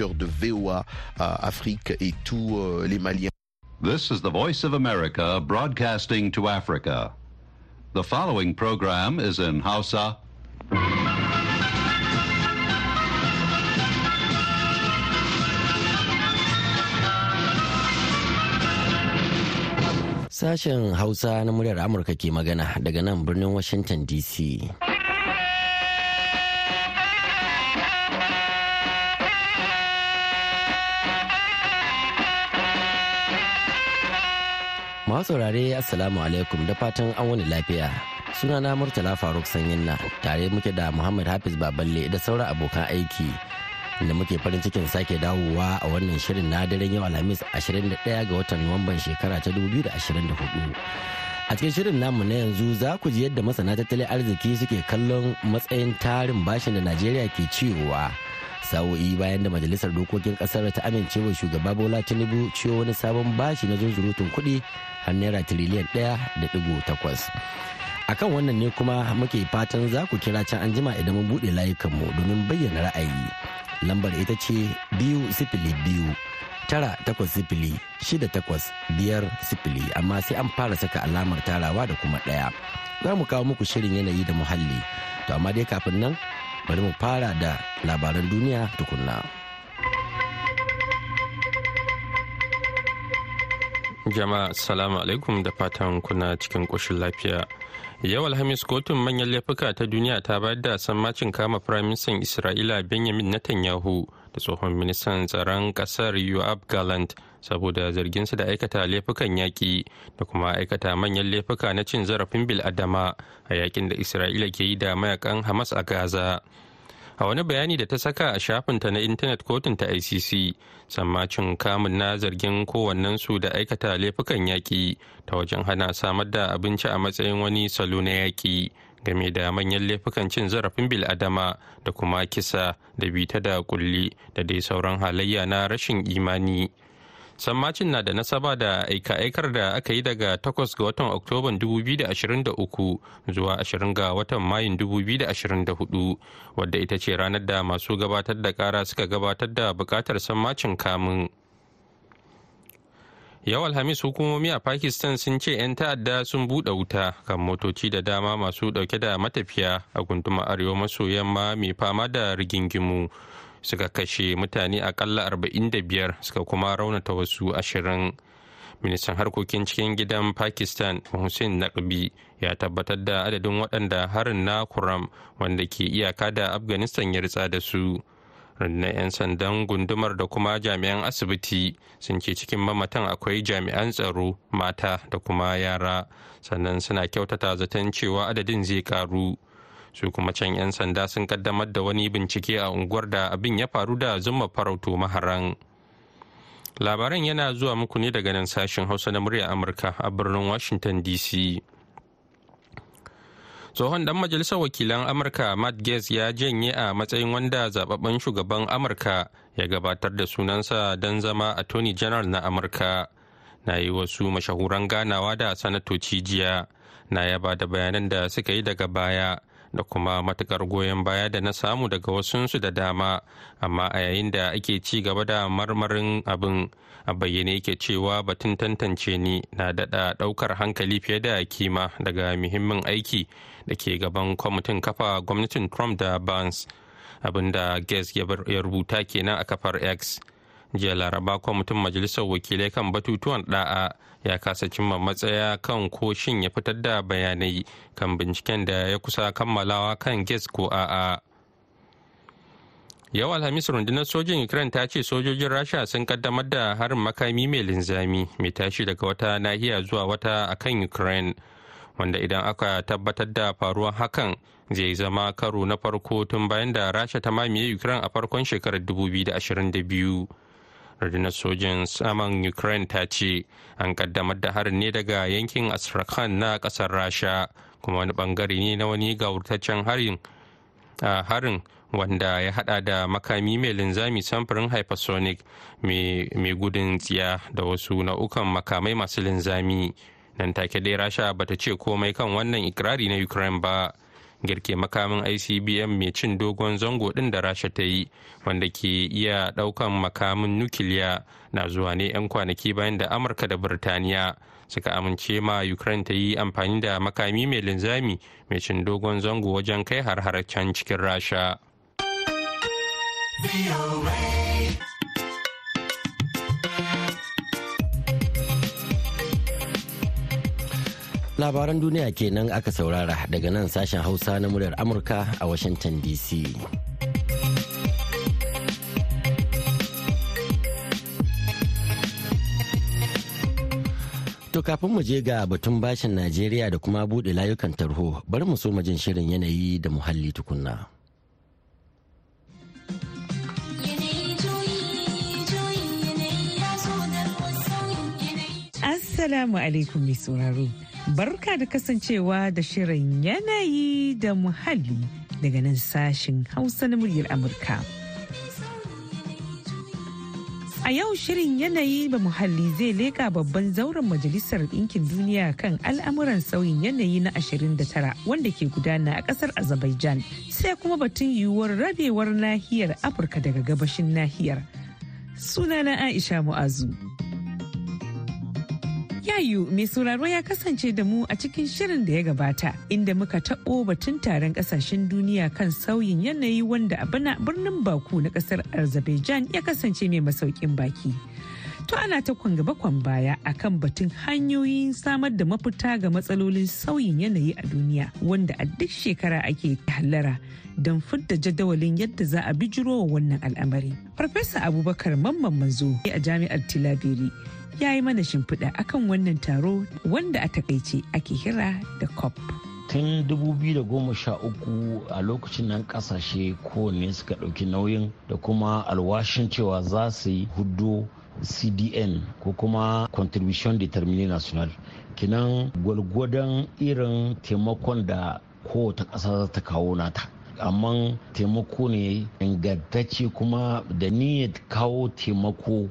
auditeurs de VOA euh, Afrique et tous euh, les Maliens. This is the Voice of America broadcasting to Africa. The following program is in Hausa. Sashen Hausa na muryar Amurka ke magana daga nan birnin Washington DC. Masu saurare Assalamu alaikum da fatan an wani lafiya. Sunana Murtala Faruk Sanyinna tare muke da Muhammad Hafiz Baballe da saura abokan aiki. Da muke farin cikin sake dawowa a wannan shirin na daren yau Alhamis 21 ga watan Nuwamban shekara ta 2024. A cikin shirin namu na yanzu za ku ji yadda masana tattalin arziki suke kallon matsayin tarin bashin da Najeriya ke ciyowa. sa'o'i bayan da majalisar dokokin kasar ta amince wa shugaba bola tinubu ciwo wani sabon bashi na zunzurutun kuɗi har naira tiriliyan ɗaya da ɗigo takwas akan wannan ne kuma muke fatan za ku kira can anjima idan mun buɗe layukanmu domin bayyana ra'ayi lambar ita ce biyu sifili biyu tara takwas sifili shida takwas biyar sifili amma sai an fara saka alamar tarawa da kuma ɗaya za mu kawo muku shirin yanayi da muhalli to amma dai kafin nan bari mu fara da labaran duniya tukunna. jama'a salamu alaikum da fatan kuna cikin ƙoshin lafiya yau alhamis kotun manyan laifuka ta duniya ta bayar da sammacin kama firaministan isra'ila benjamin netanyahu da tsohon ministan tsaron ƙasar yoab galant saboda zarginsu da aikata laifukan yaƙi da kuma aikata manyan laifuka na cin zarafin bil'adama a yakin da isra'ila ke yi da mayakan hamas a gaza a wani bayani da ta saka a shafinta na intanet kotun ta icc cin kamun na zargin su da aikata laifukan yaƙi ta wajen hana samar da abinci a matsayin wani salo na yaƙi game da manyan laifukan cin zarafin biladama da kuma kisa da bita da kulli da dai sauran halayya na rashin imani. sammacin na da nasaba da aika-aikar da aka yi daga 8 ga watan oktoban 2023 zuwa 20 ga watan mayun 2024 wadda ita ce ranar da masu gabatar da kara suka gabatar da bukatar sammacin kamun yau alhamis hukumomi a pakistan sun ce 'yan ta'adda sun buɗe wuta kan motoci da dama masu ɗauke da matafiya a gunduma arewa maso yamma mai fama da rigingimu suka kashe mutane akalla biyar suka kuma raunata wasu ashirin. ministan harkokin cikin gidan pakistan hussein naqbi ya tabbatar da adadin waɗanda harin na kuram wanda ke iyaka da afghanistan ya ritsa da su Rana 'yan sandan gundumar da kuma jami'an asibiti sun ce cikin mamatan akwai jami'an tsaro mata da kuma yara sannan suna kyautata zaton cewa adadin zai karu su kuma can 'yan sanda sun kaddamar da wani bincike a unguwar da abin ya faru da zuma farauto maharan labaran yana zuwa muku ne daga nan sashen hausa na murya amurka a birnin washington dc tsohon dan majalisar wakilan amurka matt gaetz ya janye a matsayin wanda zababben shugaban amurka ya gabatar da sunansa don zama attorney general na amurka na yi wasu mashahuran ganawa da sanatoci jiya na yaba da bayanan da suka yi daga baya da kuma matukar goyon baya da na samu daga wasunsu da dama amma a yayin da ake ci gaba da marmarin abin a bayyane yake cewa batun tantance ni na dada daukar hankali fiye da kima daga muhimmin aiki da ke gaban kwamitin kafa gwamnatin trump da barnes abin da gates ya rubuta kenan a kafar x jiya laraba kwamitin majalisar wakilai kan batutuwan da'a ya kasa cimma matsaya kan ko shin ya fitar da bayanai kan binciken da ya kusa kammalawa kan gas ko a'a yau alhamis rundunar sojin ukraine ta ce sojojin rasha sun kaddamar da harin makami mai linzami mai tashi daga wata nahiya zuwa wata akan ukraine wanda idan aka tabbatar da faruwar hakan zai zama karo na farko tun bayan da rasha ta mamaye ukraine a farkon shekarar 2022 rundunar sojin saman ukraine ta ce an kaddamar da harin ne daga yankin astrakhan na kasar rasha kuma wani bangare ne na wani gawurtaccen harin harin wanda ya hada da makami mai linzami samfurin hypersonic mai gudun tsiya da wasu nau'ukan makamai masu linzami nan take dai rasha bata ce komai kan wannan ikirari na ukraine ba girke makamin icbm mai cin dogon zango ɗin da rasha ta yi wanda ke iya ɗaukan makamin nukiliya na zuwa ne 'yan kwanaki bayan da amurka da birtaniya suka amince ma ukraine ta yi amfani da makami mai linzami mai cin dogon zango wajen kai har-har can cikin rasha. labaran duniya kenan aka saurara daga nan sashen hausa na muryar amurka a washington dc To kafin mu je ga batun bashin Najeriya da kuma buɗe layukan tarho bari mu so jin shirin yanayi da muhalli tukunna. Assalamu alaikum mai sauraro. Barka da kasancewa da shirin yanayi da muhalli daga nan sashin Hausa na muryar Amurka. A yau shirin yanayi da muhalli zai leƙa babban zauren Majalisar Ɗinkin Duniya kan al'amuran sauyin yanayi na 29 wanda ke gudana a ƙasar Azerbaijan sai kuma batun yiwuwar rabewar nahiyar Afirka daga gabashin nahiyar. Sunana Aisha Mu'azu. Yayu mai sauraro ya kasance da mu a cikin shirin da ya gabata inda muka taɓo batun taron ƙasashen duniya kan sauyin yanayi wanda a birnin Baku na ƙasar Azerbaijan ya kasance mai masaukin baki. to ana ta kwangaba kwan baya akan batun hanyoyin samar da mafita ga matsalolin sauyin yanayi a duniya wanda a duk shekara ake hallara don fidda jadawalin yadda za a bijiro wa wannan al'amari. Farfesa Abubakar Mamman Manzo a jami'ar Tilabiri ya yi mana shimfiɗa akan wannan taro wanda a takaice ake hira da cop tun 2013 a lokacin nan kasashe kowanne suka ɗauki nauyin da kuma alwashin cewa za su yi hudu cdn ko kuma contribution determiné national kinan gwalgwadon irin taimakon da kowace ƙasa za ta kawo nata amma taimako ne ingantacce kuma da niyyar kawo taimako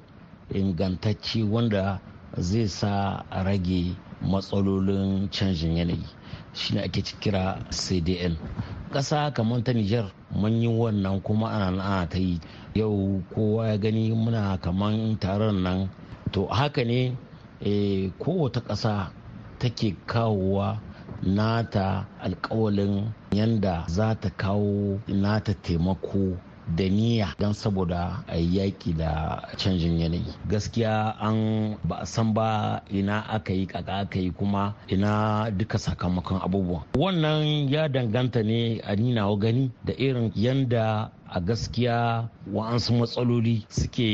ingantacci wanda zai sa a rage matsalolin canjin yanayi shine ake kira cdn ƙasa kamar ta niger mun yi wannan kuma ana ana ta yi yau kowa ya gani muna kaman taron nan to haka ne eh, kowata ƙasa take kawowa nata alkawalin yanda za ta kawo nata taimako da niyya don saboda a yaƙi da canjin yanayi gaskiya an ba a san ba ina aka yi kaka aka yi kuma ina duka sakamakon abubuwan wannan ya danganta ne a ninawa gani da irin yanda a gaskiya wa'ansu matsaloli suke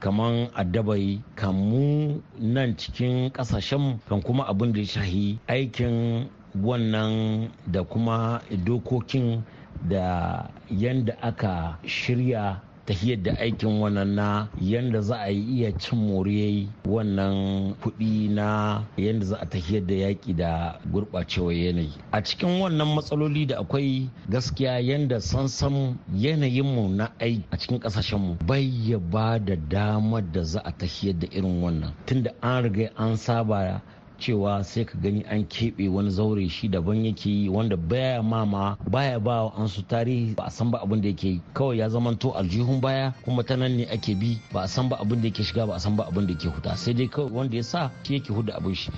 kaman addabai mu nan cikin kasashen kan kuma abin da ya shahi aikin wannan da kuma dokokin da yanda aka shirya tahiyar da aikin wannan na yanda za a iya cin more wannan kuɗi na yanda za a tahiyar da yaƙi da gurɓacewar yanayi a cikin wannan matsaloli da akwai gaskiya yanda sansan yanayinmu na aiki a cikin mu bai ya ba da damar da za a tahiyar da irin wannan tunda an riga an saba cewa sai ka gani an keɓe wani zaure shi daban yake yi wanda baya mama baya ba an su tarihi ba a san ba abin da yake yi kawai ya zama to aljihun baya kuma ta nan ne ake bi ba a san ba abin da yake shiga ba a san ba abin da yake huta sai dai kawai wanda ya sa shi yake huda abin shi.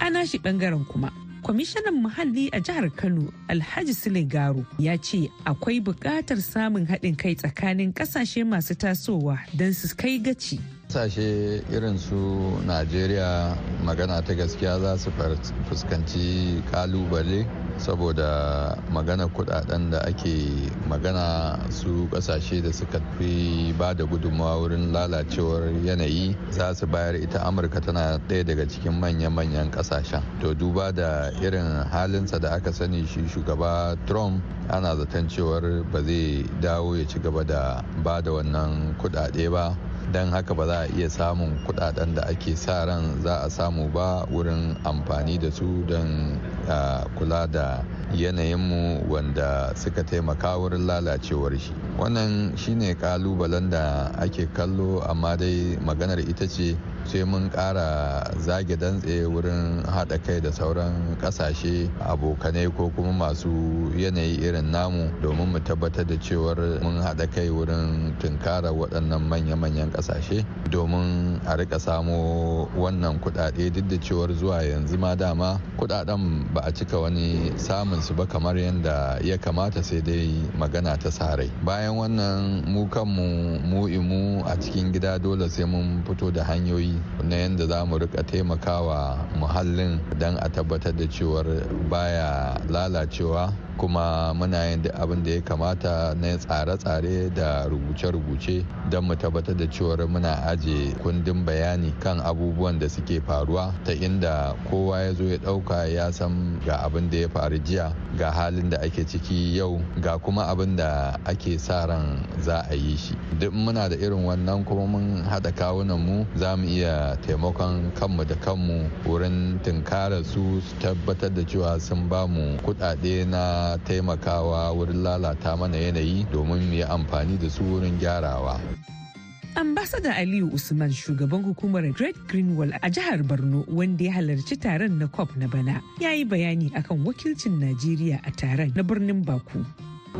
ana shi bangaren kuma kwamishinan muhalli a jihar kano alhaji sule garu ya ce akwai buƙatar samun haɗin kai tsakanin ƙasashe masu tasowa don su kai gaci kasashe irin su Najeriya magana ta gaskiya za su fuskanci kalubale saboda magana kudaden da ake magana su kasashe da suka fi ba da gudunmawa wurin lalacewar yanayi za su bayar ita amurka tana daya daga cikin manya-manyan kasashen to duba da irin halinsa da aka sani shi shugaba trump ana zaton cewar ba zai dawo ya ci gaba da ba da wannan kudade ba don haka ba za a iya samun kudaden da ake sa ran za a samu ba wurin amfani da su don kula da yanayinmu wanda suka taimaka wurin lalacewar shi wannan shine kalubalen da ake kallo amma dai maganar ita ce sai mun ƙara zage dantse wurin haɗa kai da sauran ƙasashe abokanai ko kuma masu yanayi irin namu domin mu tabbatar da cewar mun haɗa kai wurin tunkara waɗannan manya-manyan ƙasashe domin a rika samo wannan kuɗaɗe duk da cewar zuwa yanzu ma dama kuɗaɗen ba a cika wani samun su ba kamar yadda ya kamata sai dai magana ta sa rai bayan wannan mu kanmu mu imu a cikin gida dole sai mun fito da hanyoyi na yadda za mu rika taimakawa muhallin don a tabbatar da cewar baya lalacewa kuma muna yin da abin da ya kamata na tsare-tsare da rubuce-rubuce don mu tabbatar da cewar muna aje kundin bayani kan abubuwan da suke faruwa ta inda kowa ya zo ya ɗauka ya san ga abin da ya faru jiya ga halin da ake ciki yau ga kuma abin da ake sa ran za a yi shi duk muna da irin wannan kuma mun haɗa kawunan mu za mu iya taimakon kanmu da kanmu wurin tunkarar su tabbatar da cewa sun ba mu kuɗaɗe na taimakawa wurin lalata mana yanayi domin mu yi amfani da su wurin gyarawa. Ambasada Aliyu Usman shugaban hukumar Great Greenwall a jihar Borno wanda ya halarci taron na COP na bana ya yi bayani akan wakilcin Najeriya a taron na birnin Baku.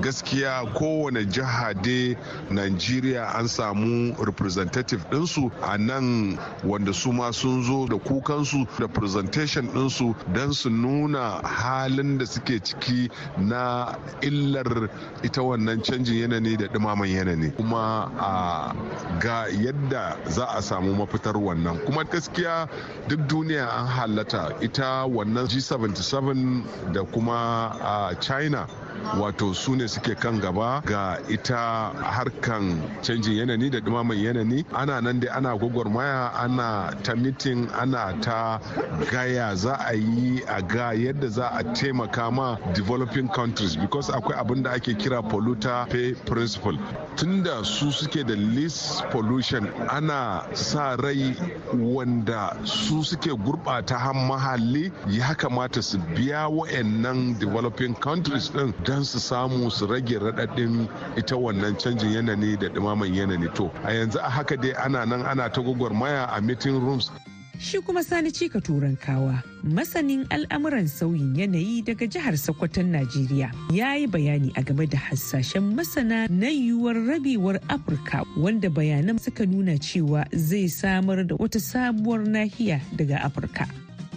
gaskiya kowane jiha dai najeriya an samu representative ɗinsu a nan wanda su ma sun zo da kukansu da presentation ɗinsu don su nuna halin da suke ciki na illar ita wannan canjin yanayi da ɗumaman yanayi kuma a ga yadda za a samu mafitar wannan kuma gaskiya duk duniya an halatta ita wannan g77 da kuma a china wato su ne ne suke kan gaba ga ita harkan canjin yanayi da dumaman yanayi ana nan dai ana gwagwarmaya ana ta mitin ana ta gaya za a yi a ga yadda za a taimaka ma developing countries because akwai abin da ake kira polluter pay principle tunda su suke da least pollution ana sa rai wanda su suke gurbata mahalli ya kamata su biya wa'annan developing countries din don su samu su rage raɗaɗin ita wannan canjin yanayi da ɗumaman yanayi to a yanzu a haka dai ana nan ana ta gwagwarmaya a meeting rooms shi kuma sani cika turankawa masanin al'amuran sauyin yanayi daga jihar sokoton najeriya ya yi bayani a game da hasashen masana na yiwuwar rabewar afirka wanda bayanan suka nuna cewa zai samar da wata sabuwar nahiya daga afirka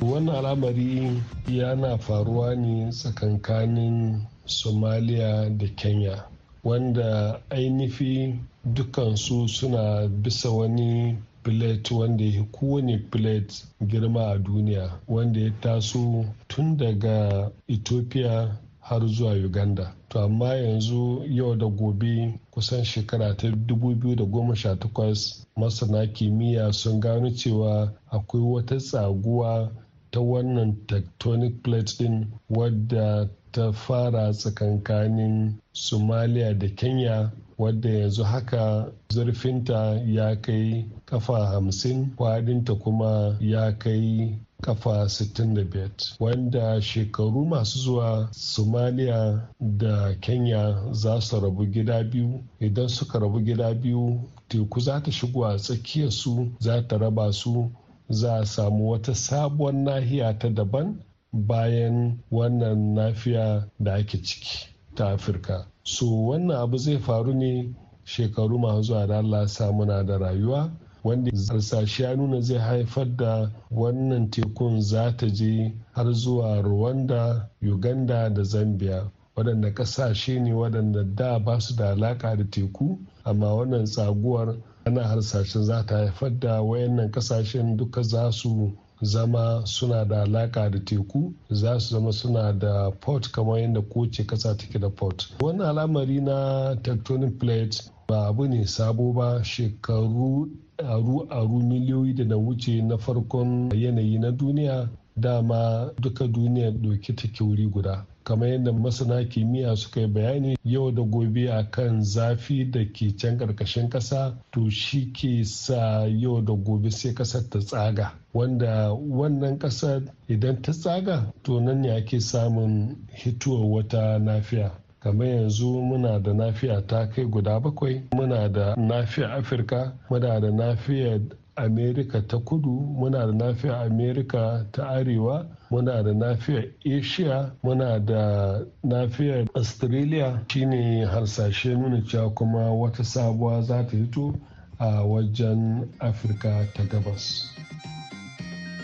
wannan al'amari yana faruwa ne tsakankanin somalia da kenya wanda ainihi dukansu suna bisa wani plate wanda ya kowane plate girma a duniya wanda ya taso tun daga ethiopia har zuwa uganda to amma yanzu yau da gobe kusan shekara ta 2018 masana kimiyya sun gano cewa akwai wata tsaguwa ta wannan tectonic plate din wadda ta fara tsakankanin somalia da kenya wadda yanzu haka zurfinta ya kai kafa hamsin kwadinta kuma ya kai kafa 65 wanda shekaru masu zuwa somalia da kenya za su rabu gida biyu idan suka rabu gida biyu teku za ta shigo a tsakiyar su za ta raba su za a samu wata sabuwar nahiya ta daban bayan wannan nafiya da ake ciki ta afirka so wannan abu zai faru ne shekaru masu zuwa da allah muna da rayuwa wanda harsashi ya nuna zai haifar da wannan tekun za ta je har zuwa rwanda uganda da zambia waɗanda ƙasashe ne waɗanda da ba su da alaƙa da teku amma wannan tsaguwar ana harsashen za ta haifar da wayannan kasashen duka za su zama suna da alaka da teku za su zama suna da port kamar yadda kowace kasa take da port wani al'amari na tectonic plate ba abu ne sabo ba shekaru aru-aru miliyoyi da na wuce na farkon yanayi na duniya dama duka duniya doki take wuri guda kamar yadda masana kimiyya suka yi bayani yau da gobe a kan zafi da ke can ƙarƙashin ƙasa to shi ke sa yau da gobe sai ƙasar ta tsaga wanda wannan ƙasar idan ta tsaga to nan ya ke samun hituwar wata nafiya kamar yanzu muna da nafiya ta kai guda bakwai muna da nafiya afirka muna da nafiya amerika ta kudu muna da nafiya amerika ta arewa muna da nafiyar asia muna da nafiyar australia shine harsashe nuna cewa kuma wata sabuwa za ta hito a wajen afirka ta gabas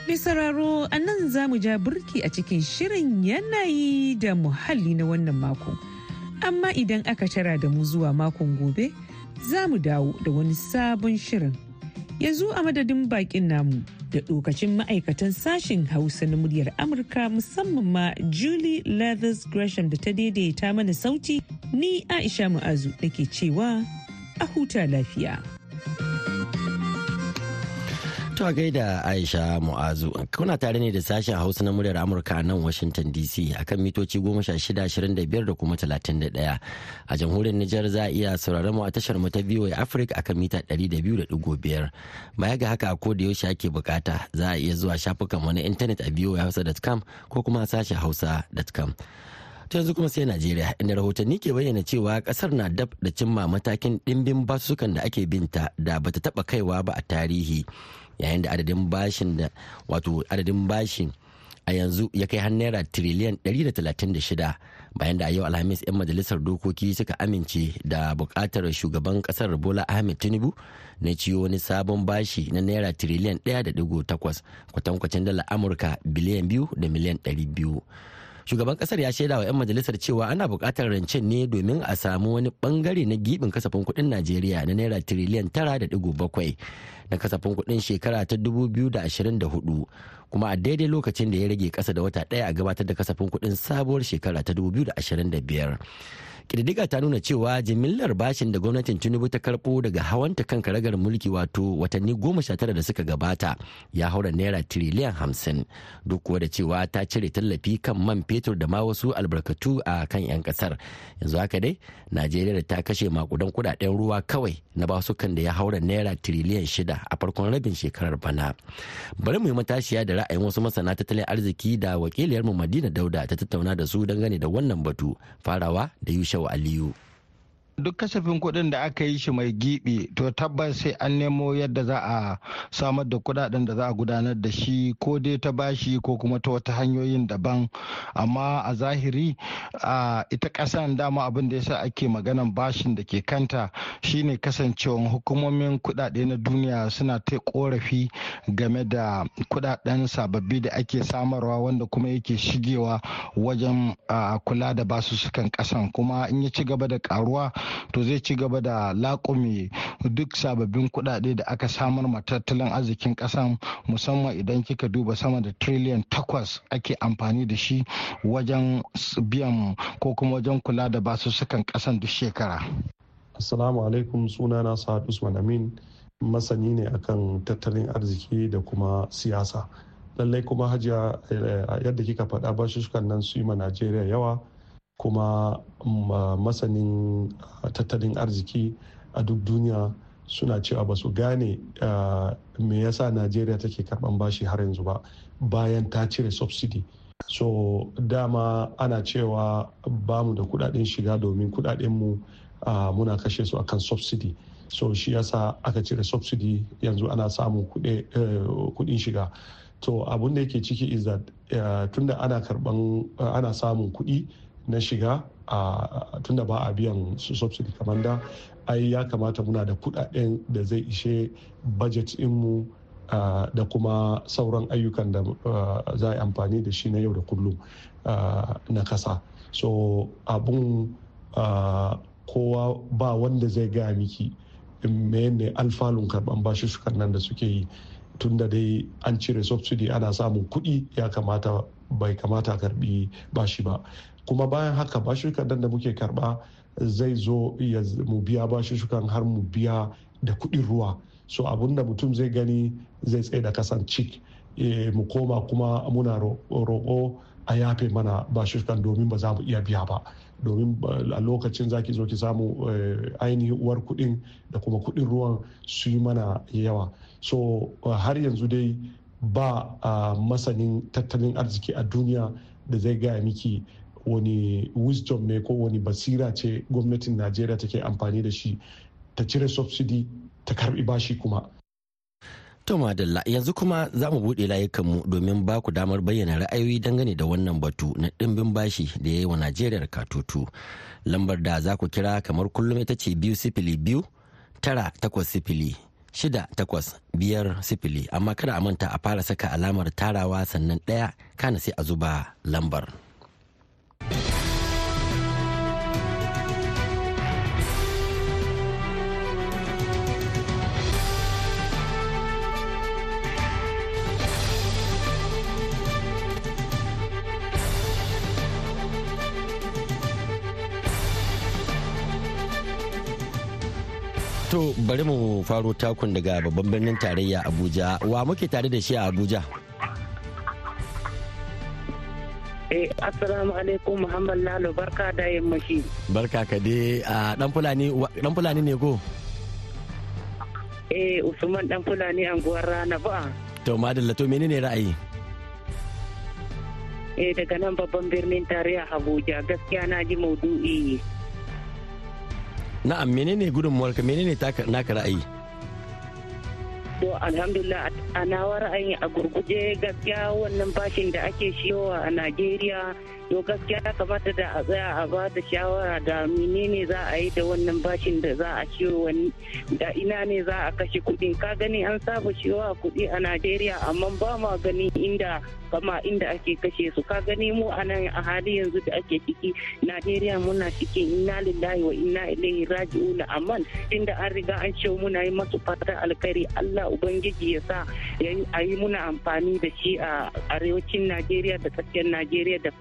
Mai sauraro a nan za mu ja burki a cikin shirin yanayi da muhalli na wannan mako. Amma idan aka tara da mu zuwa makon gobe, za mu dawo da wani sabon shirin. yanzu a madadin bakin namu da dokacin ma'aikatan sashen hausa na muryar amurka musamman ma julie leathers gresham da ta daidaita mana sauti ni aisha mu'azu ke cewa a huta lafiya. To gaida Aisha Mu'azu, kuna tare ne da sashen Hausa na muryar Amurka a nan Washington DC akan mitoci 1625 da kuma 31. A jamhuriyar Nijar za a iya sauraron mu a tashar mu ta VOA Africa akan mita 200.5. Baya ga haka ko da yaushe ake bukata za a iya zuwa shafukan mu na intanet a voahausa.com ko kuma sashen hausa.com. ta yanzu kuma sai najeriya inda rahotanni ke bayyana cewa kasar na dab da cimma matakin dimbin basukan da ake binta da bata taba kaiwa ba a tarihi yayin da adadin bashin da wato adadin bashin a yanzu ya kai har naira tiriliyan 136 bayan da a yau alhamis 'yan majalisar dokoki suka amince da bukatar shugaban kasar bola ahmed tinubu na ciyo wani sabon bashi na naira tiriliyan 1.8 kwatankwacin dala amurka biliyan 2 da miliyan 200 shugaban kasar ya shaida wa 'yan majalisar cewa ana bukatar rancen ne domin a samu wani bangare na gibin kasafin kuɗin najeriya na naira tiriliyan tara da bakwai na kasafin kuɗin shekara ta 2024 kuma a daidai lokacin da ya rage kasa da wata ɗaya a gabatar da kasafin kuɗin sabuwar shekara ta 2025 kididiga ta nuna cewa jimillar bashin da gwamnatin tinubu ta karbo daga hawanta kan karagar mulki wato watanni goma sha tara da suka gabata ya haura naira tiriliyan hamsin duk kuwa da cewa ta cire tallafi kan man fetur da ma wasu albarkatu a kan 'yan kasar yanzu haka dai najeriya ta kashe makudan kudaden ruwa kawai na basukan da ya haura naira tiriliyan shida a farkon rabin shekarar bana bari mu yi matashiya da ra'ayin wasu masana tattalin arziki da wakiliyarmu madina dauda ta tattauna da su dangane da wannan batu farawa da yusha wa Aliyu. duk kasafin kuɗin da aka yi shi mai giɓi, to tabbas sai an nemo yadda za a samar da kuɗaɗen da za a gudanar da shi ko dai ta bashi ko kuma ta wata hanyoyin daban amma a zahiri ita ƙasan dama abin da sa ake maganan bashin da ke kanta shine kasancewan hukumomin kuɗaɗe na duniya suna ta korafi game da kuɗaɗen sababbi da ake samarwa wanda kuma yake shigewa wajen kula da basussukan ƙasan kuma in ya ci gaba da ƙaruwa. to zai ci gaba da laƙumi duk sababbin kuɗaɗe da aka samar ma tattalin arzikin ƙasan musamman idan kika duba sama da trillion takwas ake amfani da shi wajen biyan ko kuma wajen kula da basussukan ƙasan duk shekara. Assalamu alaikum sunana Sa'ad Usman Amin masani ne akan tattalin arziki da kuma siyasa. Lallai kuma hajiya eh, eh, yadda kika faɗa basussukan nan su yi ma Najeriya yawa. kuma masanin tattalin arziki a duk duniya suna cewa ba su gane me yasa najeriya take karban bashi har yanzu ba bayan ta cire subsidy so dama ana cewa ba mu da kudaden shiga domin kudadenmu muna kashe su akan subsidy so shi yasa aka cire subsidy yanzu ana samun kudin e, shiga to abin da yake ciki is that tunda ana ana samun kudi na shiga a tunda ba a biyan su subsidy kamar da ai ya kamata muna da kudaden da zai ishe budget mu da kuma sauran ayyukan da za a amfani da shi na yau da kullum na kasa so abun kowa ba wanda zai gaya miki ne alfalun karban bashi nan da suke yi tunda dai an cire subsidy ana samun kuɗi ya kamata bai kamata a karbi bashi ba kuma bayan haka bashi kadan da muke karba zai zo mu biya bashushukan shukan har mu biya da kuɗin ruwa so abinda mutum zai gani zai tsaye da kasan cik e, mu koma kuma muna roƙo a yafe mana bashirkan domin ba za mu iya biya ba domin a lokacin zaki zo ki samu e, ainihin uwar kuɗin da kuma kuɗin ruwan su yi mana yawa so har yanzu dai ba a masanin tattalin arziki a duniya da zai gaya miki wani wisdom ne ko wani basira ce gwamnatin najeriya take amfani da shi ta cire subsidy ta karbi bashi kuma To Madalla yanzu kuma za mu buɗe layukanmu domin ba ku damar bayyana ra'ayoyi dangane da wannan batu na ɗimbin bashi da ya yi wa Najeriya katutu. Lambar da za ku kira kamar kullum ita ce biyu sifili biyu tara takwas sifili shida takwas biyar sifili amma kada a manta a fara saka alamar tarawa sannan ɗaya kana sai a zuba lambar. To bari mu faro takun daga babban birnin tarayya Abuja. Wa muke tare da shi a Abuja? Eh, assalamu alaikum Muhammad Lalo barka da mashi Barka ka dai a Fulani dan Fulani ne ko? Eh, Usman dan Fulani anguwar Rana ba. To madalla to menene ra'ayi? Eh, daga nan babban birnin tarayya Abuja gaskiya na ji maudu'i na'am menene gudunmuwarka menene naka ra'ayi to alhamdulillah a a nawa a gurguje gaskiya wannan bashin da ake shiwa a najeriya to gaskiya ya kamata da a tsaya a ba da shawara da menene za a yi da wannan bashin da za a ciwo wani da ina ne za a kashe kuɗi ka gani an saba shiwa kudi a najeriya amma ba ma gani inda kama inda ake kashe su ka gani mu a nan a hali yanzu da ake ciki najeriya muna cikin inna lillahi wa inna ilaihi raji'un amma inda an riga an ce muna yi masu fata alkari allah ubangiji ya sa a yi muna amfani da shi a arewacin najeriya da tsakiyar najeriya da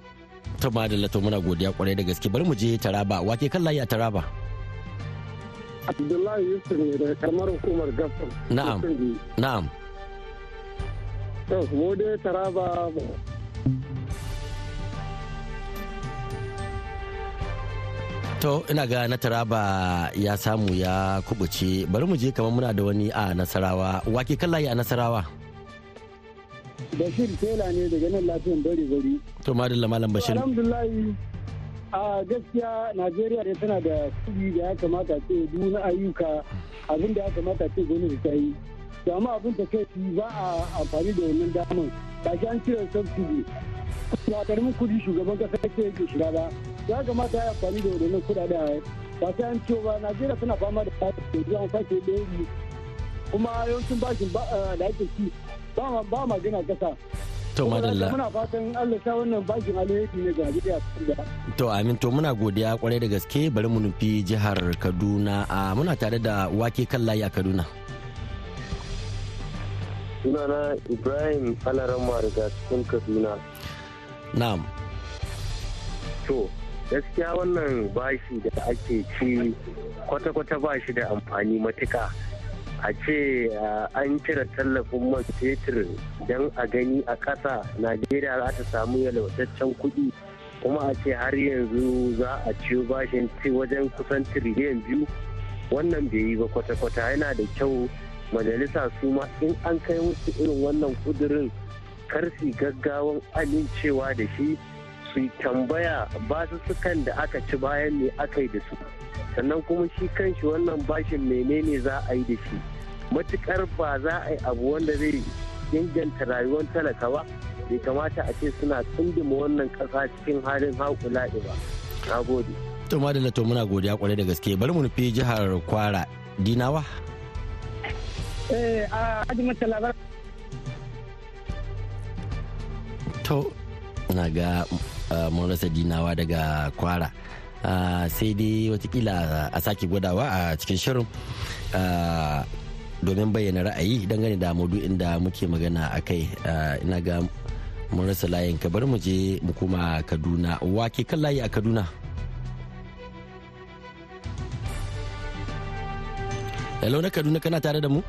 ta madalla to muna godiya kwarai da gaske bari mu je taraba wake kan layi a taraba abdullahi yusuf ne daga karamar hukumar gafin na'am na'am to mu dai taraba to ina ga na taraba ya samu ya kubuce bari mu je kamar muna da wani a nasarawa wake kalla a nasarawa bashir tela ne daga nan lafiyan bari bari to madalla malam bashir alhamdulillahi a gaskiya najeriya ne tana da kudi da ya kamata ce duna ayyuka abin da ya kamata ce gwamnati ta yi amma abin da kai ba a amfani da wannan damar ba shi an cire subsidy ba karamin kudi shugaban kasa ce yake shiga ba ya kamata ya amfani da wannan kudaden ba sai an ciwo ba najeriya suna fama da bashi da an fashe ɗari kuma yawancin bashin eh, da ake ci ba magana kasa To madalla. Muna fatan Allah sa wannan bakin alheri ne ga gida. To amin to muna godiya kwarai da gaske bari mu nufi jihar Kaduna a ah, muna tare da wake kan layi a Kaduna. sunana ibrahim alarama daga cikin kaduna na'am to gaskiya wannan bashi da ake ci kwata-kwata bashi da amfani matuka a ce an cire tallafin man fetur don a gani a ƙasa najeriya za ta samu yalwataccen kuɗi kuma a ce har yanzu za a ciyo bashin ci wajen kusan tiriliyan biyu wannan bai yi ba kwata-kwata yana da kyau majalisa su ma in an kai musu irin wannan kudirin karfi gaggawan amincewa da shi su tambaya su sukan da aka ci bayan ne aka yi da su sannan kuma shi kanshi wannan bashin menene za a yi da shi matukar ba za a yi abu wanda zai inganta rayuwar talaka ba bai kamata a ce suna tsindima wannan kasa cikin halin haƙula'i ba na gode to madalla to muna godiya kwarai da gaske bari mu nufi jihar kwara dinawa Eh, a na ga mun rasa dinawa daga kwara. sai dai watakila a sake gwadawa a cikin shirin domin bayyana ra'ayi dangane da mudu inda muke magana a kai ina ga mun rasa layin kabar mu je mu koma kaduna wake kan layi a kaduna hello na kaduna kana tare da mu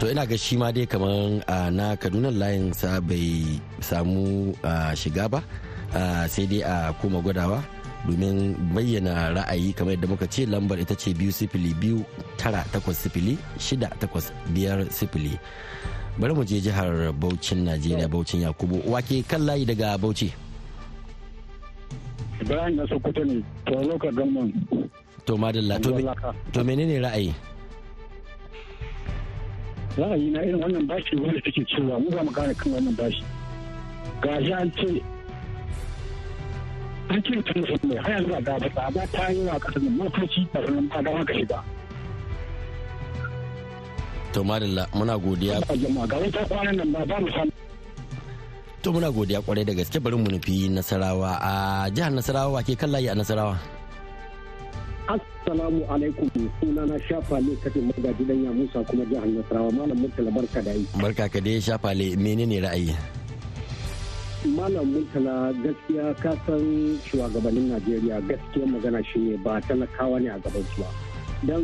to ina ga shi ma dai kamar na kaduna layin sa bai samu shiga ba sai dai a koma gwadawa domin bayyana ra'ayi kamar yadda muka ce lambar ita ce biyu sifili biyu tara takwas sifili shida takwas biyar sifili bari mu je jihar Bauchin Najeriya Bauchin Yakubu wake kan layi daga Bauchi Ibrahim na Sokoto ne to lokacin government to madalla to menene ra'ayi ra'ayi na irin wannan bashi wanda take cewa mu ba mu gane kan wannan bashi ga shi an ce an ce ta sun mai har yanzu ga ba tsada ta yi wa kasar da motoci ba sanan ba dama ka shiga to madalla muna godiya ga wata kwanan nan ba ba mu san to muna godiya kwarai da gaske bari mu nufi nasarawa a jihar nasarawa ke kallaye a nasarawa Assalamu alaikum sunana na shafale kati magaji dan ya Musa kuma jihar Nasarawa malam Murtala barka da yi. Barka ka dai shafale menene ra'ayi? Malam Murtala gaskiya ka san shugabannin Najeriya gaskiya magana shi ne ba talakawa ne a gaban su ba. Dan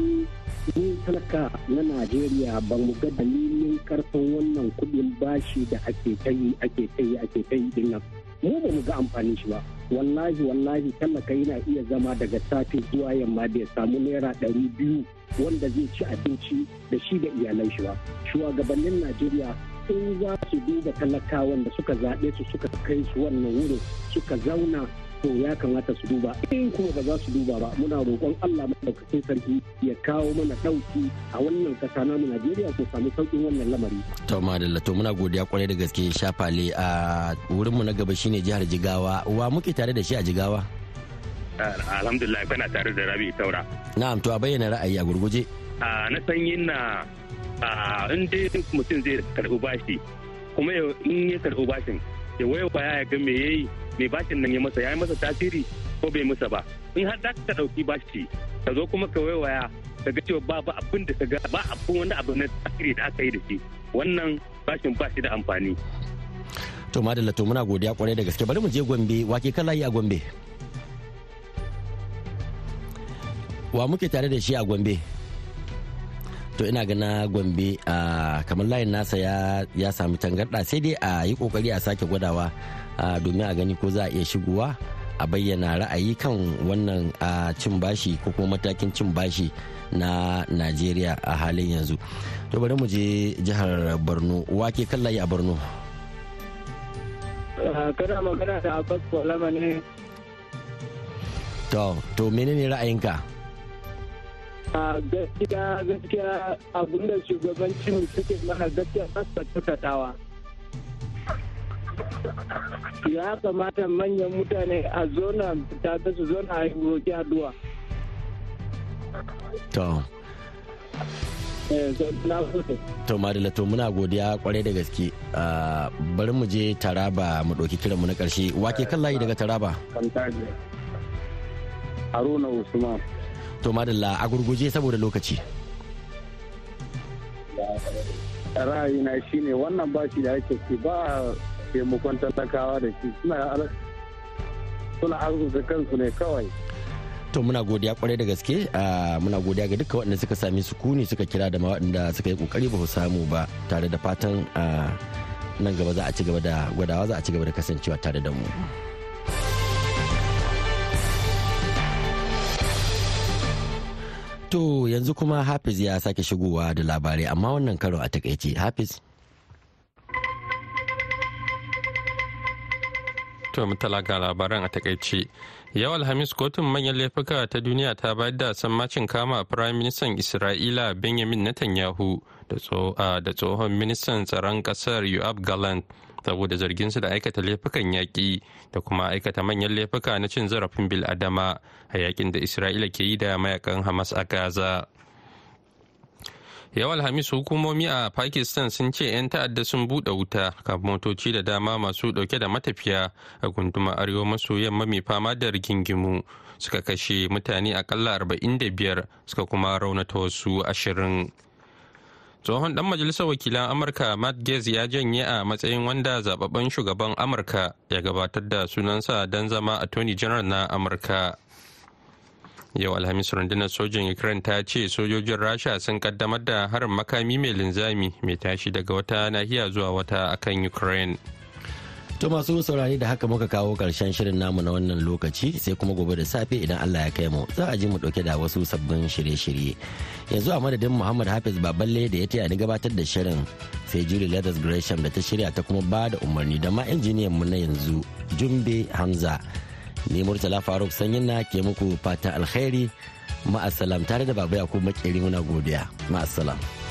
ni talaka na Najeriya ba mu ga dalilin karfin wannan kudin bashi da ake tayi ake tayi ake tayi din mu ba mu ga amfanin shi ba wallahi wallahi talaka yana iya zama daga safe zuwa yamma da ya samu naira ɗari biyu wanda zai ci abinci da shi da iyalan shi ba shugabannin najeriya in za su duba talakawan da suka zaɓe su suka kai su wannan wurin suka zauna to ya kamata su duba in kuma ba za su duba ba muna roƙon Allah madaukakin sarki ya kawo mana ɗauki a wannan ƙasa namu Najeriya ko samu sauƙin wannan lamari. To madalla to muna godiya kwarai da gaske shafale a wurinmu na gaba shine jihar Jigawa wa muke tare da shi a Jigawa. Alhamdulillah kana tare da Rabi Taura. Na'am to a bayyana ra'ayi a gurguje. na san yinna na in dai mutum zai karɓi bashi kuma in ya karɓi bashin ya waya ya ga me yayi mai bashin nan ya masa ya yi masa tasiri ko bai masa ba in har zaka ka ɗauki bashi ka zo kuma ka waiwaya ka ga cewa ba ba abin da ka ga ba abin wani abu na tasiri da aka yi da shi wannan bashin ba shi da amfani. to madalla to muna godiya kwarai da gaske bari mu je gombe wake kala yi a gombe wa muke tare da shi a gombe to ina gana gombe a ah, kamar layin nasa ya sami tangarda sai dai a yi kokari a sake gwadawa domin a gani ko za a iya shigowa a bayyana ra'ayi kan wannan cin bashi ko kuma matakin cin bashi na najeriya a halin yanzu to bari mu je jihar borno wake kallaye a borno magana da to to menene ra'ayinka a gaskiya gaskiya abinda shugabancin suke mana gaskiya masu tattatawa ya kamata manyan mutane a zona ta su zona a roki addu'a to eh, to madalla to muna godiya kwarai da gaske ah, bari mu je taraba mu ɗauki kiran mu na ƙarshe wake kan layi daga taraba haruna usman to madalla a gurguje saboda lokaci ra'ayina shine wannan bashi da ake ci ba taimakon talakawa da shi suna arzuta kansu ne kawai to muna godiya kwarai da gaske ah, muna godiya ga duka waɗanda suka sami sukuni suka kira da waɗanda suka yi kokari ba su samu ba tare da fatan ah, nan gaba za a ci gaba da gwadawa za a ci gaba da kasancewa tare da mu to yanzu kuma hafiz ya sake shigowa da labarai amma wannan karo a takaici hafiz To ga labaran a takaice. Yau Alhamis kotun manyan laifuka ta duniya ta bayar da sammacin kama Firayim Ministan Isra'ila Benjamin Netanyahu da tsohon ministan tsaron kasar yoab Gallant saboda zargin su da aikata laifukan yaƙi da kuma aikata manyan laifuka na cin zarafin bil'adama a yakin da Isra'ila ke yi da mayakan Hamas a Gaza. yau hamis hukumomi a pakistan sun ce 'yan ta'adda sun buɗe wuta kafin motoci da dama masu ɗauke da matafiya a gunduma arewa maso yamma mai fama da rigingimu suka kashe mutane akalla biyar suka kuma raunata wasu ashirin. tsohon dan majalisar wakilan amurka matt gaetz ya janye a matsayin wanda zababben shugaban amurka ya gabatar da sunansa don zama attorney general na amurka yau alhamis rundunar sojin ukraine ta ce sojojin rasha sun kaddamar da harin makami mai linzami mai tashi daga wata nahiya zuwa wata akan ukraine to masu saurari da haka muka kawo karshen shirin namu na wannan lokaci sai kuma gobe da safe idan allah ya kai mu za a ji mu dauke da wasu sabbin shirye-shirye yanzu a madadin muhammad hafiz baballe da ya taya ni gabatar da shirin sai julie leathers gresham da ta shirya ta kuma ba da umarni da ma injiniyan mu na yanzu jumbe hamza ni murtala faruk sanyin na ke muku fata alkhairi ma'asalam tare da baba yakubu makeri muna godiya ma'asalam